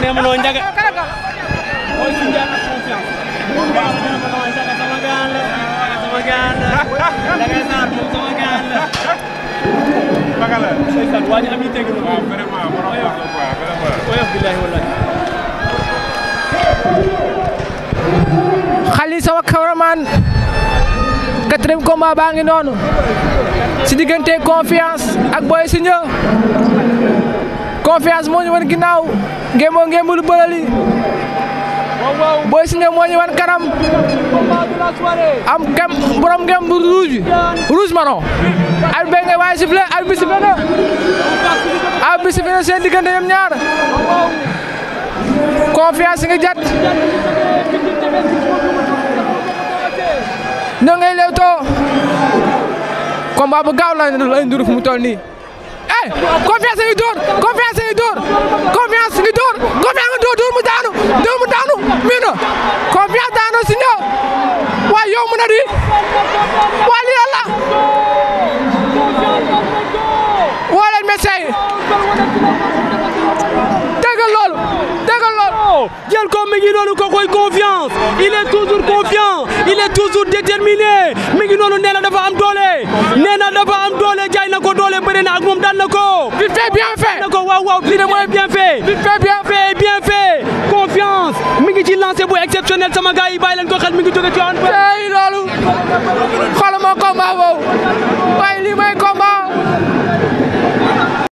ne mënoo sama sama sama gaan la baa ngi noonu si diggante confiance ak Boy Signé confiance moo ñu wan ginnaaw ngémboo ngémbul bëlali Boy Singer moo na ar bi sifflé na seen confiance ngi door confiance ngi door confiance ngi door confiance ngi door door mu daanu door mu daanu mii na confiance daanu si ñëw waaye yow mu na di waa lii lan la woo leen message déggal loolu déggal loolu jël ko mi ngi noonu ko koy confiance il est toujours confiant il est toujours déterminé mi ngi noonu nee na dafa am doole moom daan na ko. vite fait bien fait daan waaw waaw vite fait bien fait. vite bien fait confiance mi ngi ci lancé bu exceptionnel sama gars yi bàyyi leen ko xel mi ngi jóge ci. tey